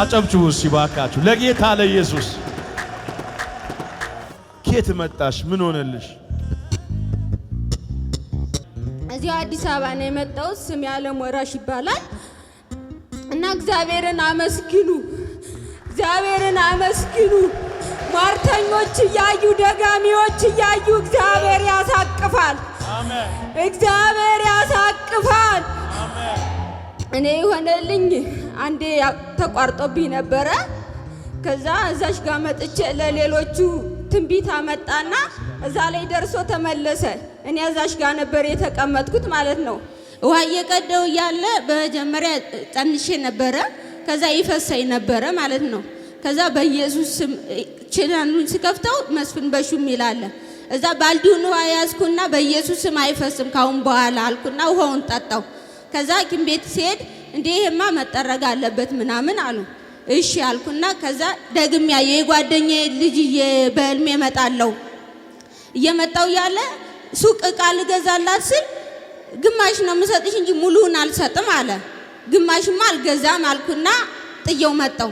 አጨብጭቡ ሲባካችሁ ለጌታ ለኢየሱስ። ኬት መጣሽ? ምን ሆነልሽ? እዚሁ አዲስ አበባ ነው የመጣው። ስም ያለም ወራሽ ይባላል እና እግዚአብሔርን አመስግኑ፣ እግዚአብሔርን አመስግኑ። ሟርተኞች እያዩ ደጋሚዎች እያዩ እግዚአብሔር ያሳቅፋል፣ እግዚአብሔር ያሳቅፋል። እኔ የሆነልኝ! አንዴ ተቋርጦብኝ ነበረ። ከዛ እዛሽ ጋር መጥቼ ለሌሎቹ ትንቢት አመጣና እዛ ላይ ደርሶ ተመለሰ። እኔ እዛሽ ጋር ነበር የተቀመጥኩት ማለት ነው። ውሃ እየቀደው እያለ በመጀመሪያ ጠንሼ ነበረ። ከዛ ይፈሰኝ ነበረ ማለት ነው። ከዛ በኢየሱስ ስም ችናኑን ስከፍተው መስፍን በሹም ይላለ እዛ ባልዲውን ውሃ ያዝኩና በኢየሱስ ስም አይፈስም ካሁን በኋላ አልኩና ውሃውን ጠጣው። ከዛ ሐኪም ቤት ሲሄድ እንዴ ይሄማ መጠረግ አለበት ምናምን አሉ። እሺ አልኩና ከዛ ደግም ያየ የጓደኛ ልጅ በህልሜ እመጣለሁ እየመጣው ያለ ሱቅ እቃ ልገዛላት ስል ግማሽ ነው የምሰጥሽ እንጂ ሙሉውን አልሰጥም አለ። ግማሽማ አልገዛም አልኩና ጥየው መጣው።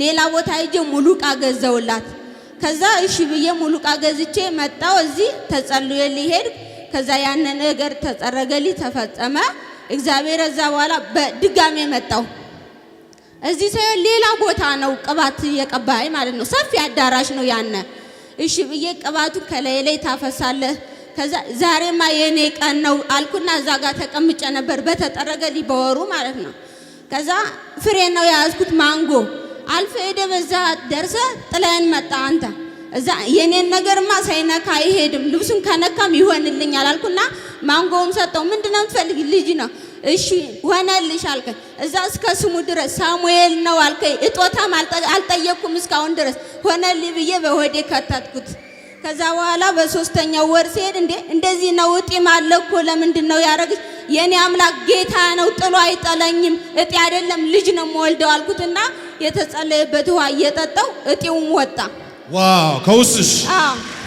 ሌላ ቦታ ሄጄ ሙሉ እቃ ገዘውላት። ከዛ እሺ ብዬ ሙሉ እቃ ገዝቼ መጣው። እዚህ ተጸልዬልኝ ሄድኩ። ከዛ ያንን ነገር ተጸረገልኝ፣ ተፈጸመ። እግዚአብሔር እዛ በኋላ በድጋሜ መጣው። እዚህ ሰው ሌላ ቦታ ነው ቅባት እየቀባኝ ማለት ነው። ሰፊ አዳራሽ ነው ያነ። እሺ ብዬ ቅባቱ ከላይ ላይ ታፈሳለ ከዛ ዛሬማ የኔ ቀን ነው አልኩና እዛ ጋር ተቀምጨ ነበር በተጠረገ ሊበወሩ ማለት ነው። ከዛ ፍሬ ነው የያዝኩት ማንጎ አልፈ ሄደ በዛ ደርሰ ጥለን መጣ አንተ እዛ የኔን ነገርማ ሳይነካ አይሄድም። ልብሱን ከነካም ይሆንልኛል አልኩና ማንጎውም ሰጠው። ምንድነው የምትፈልጊ? ልጅ ነው። እሺ ሆነልሽ አልከ እዛ እስከ ስሙ ድረስ ሳሙኤል ነው አልከኝ። እጦታም አልጠየቅኩም እስካሁን ድረስ ሆነልኝ ብዬ በሆዴ ከታትኩት። ከዛ በኋላ በሶስተኛው ወር ሲሄድ እንዴ እንደዚህ ነው እጢም አለ እኮ ለምንድን ነው ያደረግሽ? የኔ አምላክ ጌታ ነው ጥሎ አይጠለኝም። እጢ አይደለም ልጅ ነው የምወልደው አልኩትና የተጸለየበት ውሃ እየጠጣው እጢውም ወጣ። ዋው! ከውስጥሽ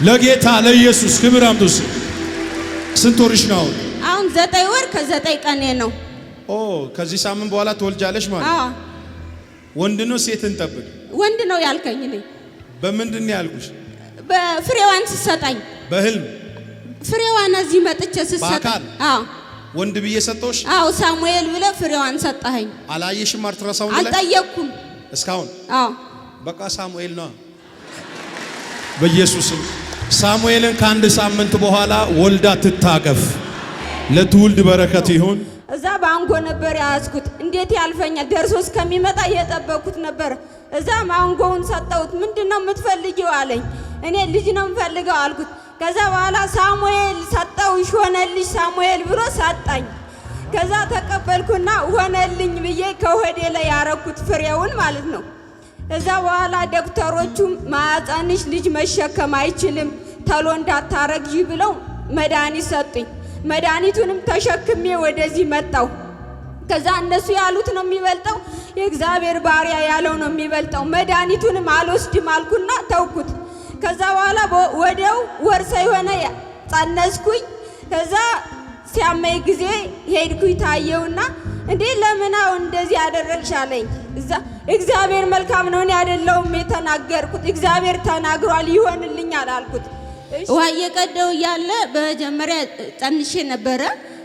ለጌታ ለኢየሱስ ክብር አምጡስ። ስንት ወርሽ ነው አሁን? አሁን ዘጠኝ ወር ከዘጠኝ ቀኔ ነው። ኦ ከዚህ ሳምንት በኋላ ትወልጃለሽ ማለት አዎ። ወንድ ነው ሴት? እንጠብቅ። ወንድ ነው ያልከኝ እኔ በምንድን ነው ያልኩሽ? በፍሬዋን ስሰጣኝ በህልም ፍሬዋን እዚህ መጥቼ ስሰጣኝ አዎ ወንድ ብዬ ሰጠሁሽ? አዎ ሳሙኤል ብለህ ፍሬዋን ሰጠኸኝ። አላየሽም? አልተረሳሁም። አልጠየቅኩም እስካሁን። አዎ በቃ ሳሙኤል ነው በኢየሱስም ሳሙኤልን ከአንድ ሳምንት በኋላ ወልዳ ትታቀፍ። ለትውልድ በረከት ይሁን። እዛ ባንጎ ነበር ያዝኩት። እንዴት ያልፈኛል ደርሶ እስከሚመጣ እየጠበኩት ነበር። እዛ ማንጎውን ሰጠሁት። ምንድነው የምትፈልጊው አለኝ። እኔ ልጅ ነው የምፈልገው አልኩት። ከዛ በኋላ ሳሙኤል ሰጠው ሆነልሽ ሳሙኤል ብሎ ሰጣኝ። ከዛ ተቀበልኩና ሆነልኝ ብዬ ከሆዴ ላይ ያረኩት ፍሬውን ማለት ነው። እዛ በኋላ ዶክተሮቹ ማዕፀንሽ ልጅ መሸከም አይችልም ተሎ እንዳታረግ ብለው መድኃኒት ሰጡኝ። መድኃኒቱንም ተሸክሜ ወደዚህ መጣሁ። ከዛ እነሱ ያሉት ነው የሚበልጠው፣ የእግዚአብሔር ባሪያ ያለው ነው የሚበልጠው። መድኃኒቱንም አልወስድም አልኩና ተውኩት። ከዛ በኋላ ወዲያው ወርሰ የሆነ ጸነስኩኝ። ከዛ ሲያመይ ጊዜ ሄድኩኝ ታየውና እንዴ ለምን እንደዚህ አደረግሻለኝ እግዚአብሔር መልካም ነው፣ እኔ አይደለሁም የተናገርኩት፣ እግዚአብሔር ተናግሯል፣ ይሆንልኛል አልኩት። ውሃ እየቀደው እያለ በመጀመሪያ ጠንሼ ነበረ፣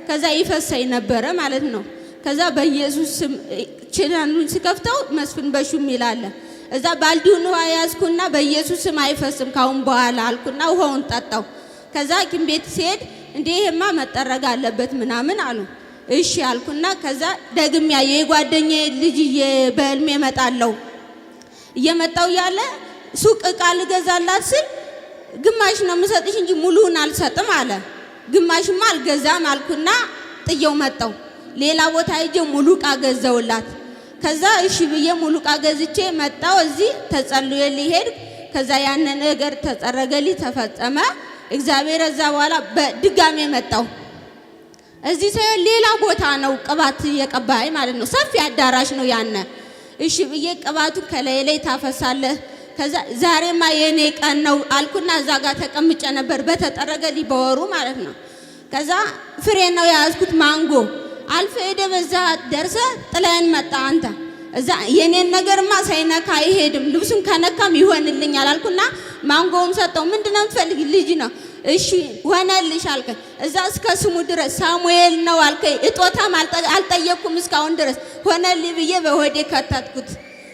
ከዛ ይፈሳኝ ነበረ ማለት ነው። ከዛ በኢየሱስ ስም ችናኑን ስከፍተው መስፍን በሹም ይላለ። እዛ ባልዲውን ውሃ ያዝኩና በኢየሱስ ስም አይፈስም ካሁን በኋላ አልኩና ውሃውን ጠጣው። ከዛ ሐኪም ቤት ሲሄድ እንዴ ይሄማ መጠረግ አለበት ምናምን አሉ። እሺ አልኩና ከዛ ደግም ያየ የጓደኛ ልጅ በህልሜ እመጣለሁ እየመጣው ያለ ሱቅ እቃ ልገዛላት ስል ግማሽ ነው የምሰጥሽ እንጂ ሙሉውን አልሰጥም አለ። ግማሽማ አልገዛም አልኩና ጥየው መጣው ሌላ ቦታ ሄጄ ሙሉ እቃ ገዘውላት። ከዛ እሺ ብዬ ሙሉ እቃ ገዝቼ መጣው እዚህ ተጸልዮልኝ ሄድኩ። ከዛ ያንን ነገር ተጸረገልኝ፣ ተፈጸመ። እግዚአብሔር እዛ በኋላ በድጋሜ መጣው። እዚህ ሰው ሌላ ቦታ ነው ቅባት የቀባይ ማለት ነው። ሰፊ አዳራሽ ነው ያነ። እሺ ብዬ ቅባቱ ከላይ ላይ ታፈሳለህ። ከዛ ዛሬማ የኔ ቀን ነው አልኩና እዛ ጋር ተቀምጨ ነበር በተጠረገ ሊበወሩ ማለት ነው። ከዛ ፍሬ ነው የያዝኩት ማንጎ አልፈ ሄደ። በዛ ደርሰ ጥለን መጣ አንተ እዛ የኔን ነገርማ ሳይነካ አይሄድም ልብሱን ከነካም ይሆንልኛል አልኩና ማንጎውን ሰጠው። ምንድነው የምትፈልግ ልጅ ነው እሺ ሆነልሽ አልከኝ። እዛ እስከ ስሙ ድረስ ሳሙኤል ነው አልከኝ። እጦታም አልጠየቅኩም እስካሁን ድረስ ሆነልኝ ብዬ በሆዴ ከተትኩት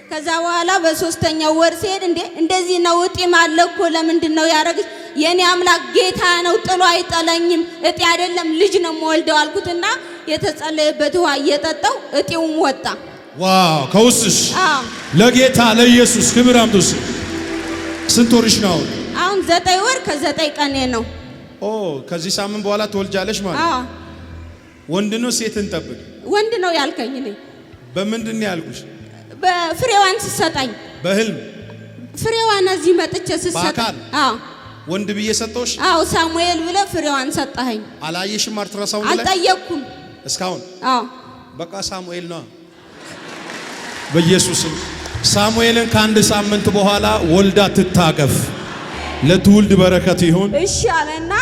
ከዛ በኋላ በሶስተኛው ወር ሲሄድ እንዴ እንደዚህ ነው እጢም አለ እኮ ለምንድን ነው ያደረግሽ? የኔ አምላክ ጌታ ነው ጥሎ አይጠለኝም። እጢ አይደለም ልጅ ነው የምወልደው አልኩትና የተጸለየበት ውሃ እየጠጣው እጢውም ወጣ። ዋው! ከውስጥሽ ለጌታ ለኢየሱስ ክብር አምጡስ። ስንት ወርሽ ነው? አሁን ዘጠኝ ወር ከዘጠኝ ቀኔ ነው። ኦ ከዚህ ሳምንት በኋላ ትወልጃለሽ ማለት? ወንድ ነው ሴት እንጠብቅ? ወንድ ነው ያልከኝ። እኔ በምንድን ነው ያልኩሽ? በፍሬዋን ስሰጠኝ በህልም ፍሬዋን እዚህ መጥቼ ስሰጠኝ። ወንድ ብዬ ሰጠሁሽ? አዎ ሳሙኤል ብለ ፍሬዋን ሰጠኸኝ። አላየሽም? አልትራሳውንድ ላይ አልጠየቅኩም እስካሁን። በቃ ሳሙኤል ነው። በኢየሱስም ሳሙኤልን ከአንድ ሳምንት በኋላ ወልዳ ትታገፍ? ለትውልድ በረከት ይሁን። እሺ አለና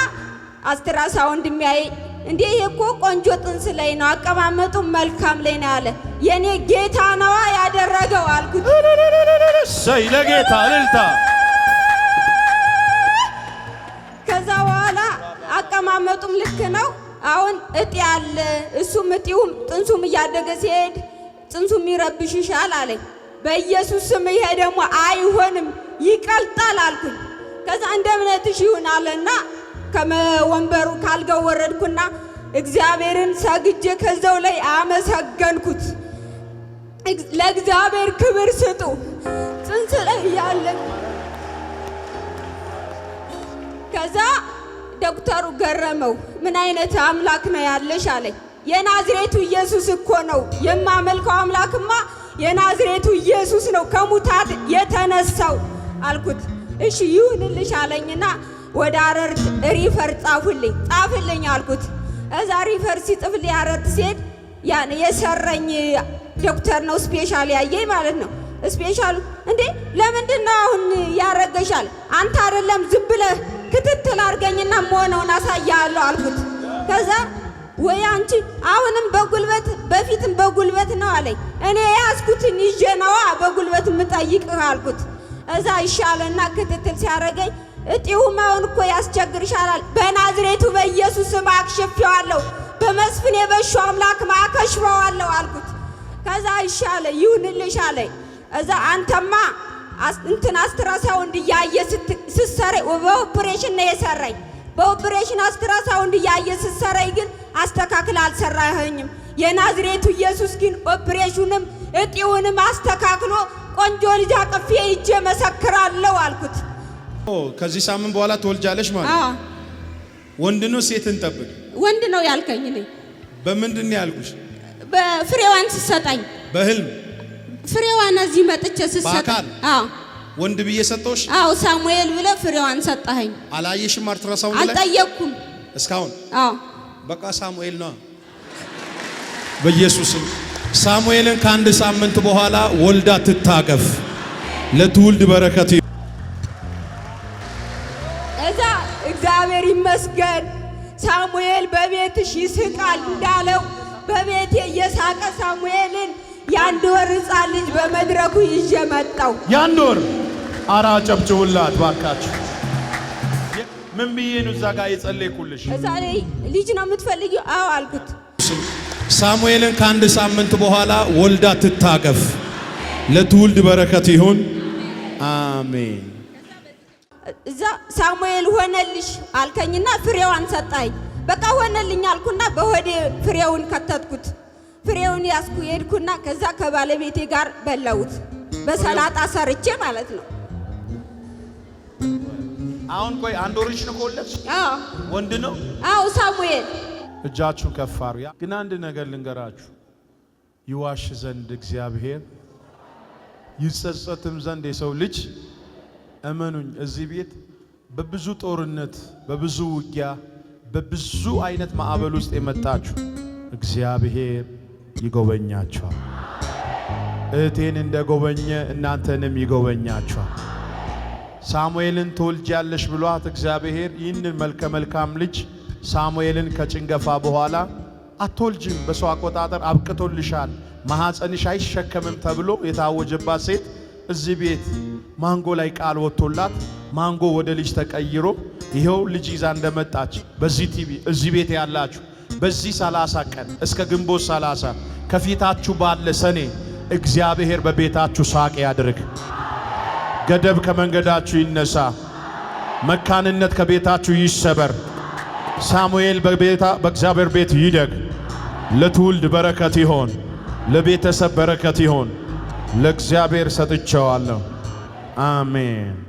አስተራሳ ወንድሚያይ እንዴ እኮ ቆንጆ ጥንስ ላይ ነው አቀማመጡ መልካም ላይ ነው ያለ የኔ ጌታ ነዋ ያደረገው አልኩት። ሰይ ለጌታ ልልታ ከዛ በኋላ አቀማመጡም ልክ ነው። አሁን እጢ አለ እሱም እጢውም ጥንሱም እያደገ ሲሄድ ጥንሱም ይረብሽሻል አለኝ። በኢየሱስ ስም ይሄ ደግሞ አይሆንም ይቀልጣል አልኩኝ። ከዛ እንደ እምነትሽ ይሁን አለና ከወንበሩ ካልገው ወረድኩና እግዚአብሔርን ሰግጄ ከዛው ላይ አመሰገንኩት። ለእግዚአብሔር ክብር ስጡ። ጽንስ ላይ እያለን ከዛ ዶክተሩ ገረመው። ምን አይነት አምላክ ነው ያለሽ አለኝ። የናዝሬቱ ኢየሱስ እኮ ነው የማመልከው። አምላክማ የናዝሬቱ ኢየሱስ ነው ከሙታት የተነሳው አልኩት። እሺ ይሁንልሽ አለኝና ወደ አረር ሪፈር ጻፉልኝ ጻፍልኝ አልኩት። እዛ ሪፈር ሲጥፍልኝ አረርት ሲሄድ ያን የሰረኝ ዶክተር ነው ስፔሻል ያየኝ ማለት ነው። ስፔሻሉ እንዴ ለምንድነው አሁን ያረገሻል? አንተ አይደለም ዝም ብለህ ክትትል አድርገኝና መሆነውን አሳያለሁ አልኩት። ከዛ ወይ አንቺ አሁንም በጉልበት በፊትም በጉልበት ነው አለኝ። እኔ የያዝኩትን ይዤ ነዋ በጉልበት የምጠይቅህ አልኩት። እዛ ይሻለና ክትትል ሲያደርገኝ እጢው መሆን እኮ ያስቸግርሻል። በናዝሬቱ በኢየሱስ ስም አክሽፌዋለሁ፣ በመስፍን የበሹ አምላክ ማከሽፈዋለሁ አልኩት። ከዛ ይሻለ ይሁንልሽ አለኝ። እዛ አንተማ እንትን አስትራሳውንድ እያየ ስትሰሪ በኦፕሬሽን ነው የሰራኝ። በኦፕሬሽን አስትራሳውንድ እያየ ስትሰራኝ ግን አስተካክል አልሰራኸኝም። የናዝሬቱ ኢየሱስ ግን ኦፕሬሽንም እጢውንም አስተካክሎ ቆንጆ ልጅ አቅፌ ሂጄ መሰክራለሁ አልኩት። ከዚህ ሳምንት በኋላ ትወልጃለሽ ማለት ወንድ ነው ሴት እንጠብቅ? ወንድ ነው ያልከኝ። እኔ በምንድን ነው ያልኩሽ? በፍሬዋን ስሰጠኝ በህልም ፍሬዋን እዚህ መጥቼ ስሰጠኝ ወንድ ብዬ ሰጠሁሽ? አዎ ሳሙኤል ብለ ፍሬዋን ሰጠኸኝ። አላየሽም? አልትራሳውንድ ላይ አልጠየቅኩም እስካሁን። አዎ በቃ ሳሙኤል ነው በኢየሱስም ሳሙኤልን ከአንድ ሳምንት በኋላ ወልዳ ትታቀፍ፣ ለትውልድ በረከት። እዛ እግዚአብሔር ይመስገን ሳሙኤል በቤትሽ ይስቃል እንዳለው በቤቴ እየሳቀ ሳሙኤልን የአንድ ወር ሕፃን ልጅ በመድረኩ ይዤ መጣሁ። የአንድ ወር አራ ጨብጭቡላት ባካችሁ። ምን ብዬ ነው እዛ ጋር የጸለይኩልሽ? እዛ ልጅ ነው የምትፈልጊው? አዎ አልኩት። ሳሙኤልን ከአንድ ሳምንት በኋላ ወልዳ ትታቀፍ። ለትውልድ በረከት ይሁን። አሜን። እዛ ሳሙኤል ሆነልሽ አልከኝና ፍሬዋን ሰጣኝ። በቃ ሆነልኝ አልኩና በሆዴ ፍሬውን ከተትኩት። ፍሬውን ያስኩ የሄድኩና ከዛ ከባለቤቴ ጋር በለውት በሰላጣ ሰርቼ ማለት ነው። አሁን ቆይ አንድ ወርሽ ነው ከወለድሽ? አዎ ወንድ ነው። አዎ ሳሙኤል እጃችሁ ከፍ አሩ። ግን አንድ ነገር ልንገራችሁ፣ ይዋሽ ዘንድ እግዚአብሔር ይጸጸትም ዘንድ የሰው ልጅ እመኑኝ፣ እዚህ ቤት በብዙ ጦርነት፣ በብዙ ውጊያ፣ በብዙ አይነት ማዕበል ውስጥ የመጣችሁ እግዚአብሔር ይጎበኛችኋል። እህቴን እንደጎበኘ እናንተንም ይጎበኛችኋል። ሳሙኤልን ያለሽ ብሏት እግዚአብሔር ይህንን መልከ መልካም ልጅ ሳሙኤልን ከጭንገፋ በኋላ አትወልጅም፣ በሰው አቆጣጠር አብቅቶልሻል፣ ማኅፀንሽ አይሸከምም ተብሎ የታወጀባት ሴት እዚህ ቤት ማንጎ ላይ ቃል ወጥቶላት ማንጎ ወደ ልጅ ተቀይሮ ይኸው ልጅ ይዛ እንደመጣች በዚህ ቲቪ እዚህ ቤት ያላችሁ በዚህ 30 ቀን እስከ ግንቦት 30 ከፊታችሁ ባለ ሰኔ እግዚአብሔር በቤታችሁ ሳቅ ያድርግ። ገደብ ከመንገዳችሁ ይነሳ። መካንነት ከቤታችሁ ይሰበር። ሳሙኤል በእግዚአብሔር ቤት ይደግ። ለትውልድ በረከት ይሆን፣ ለቤተሰብ በረከት ይሆን። ለእግዚአብሔር ሰጥቼዋለሁ። አሜን።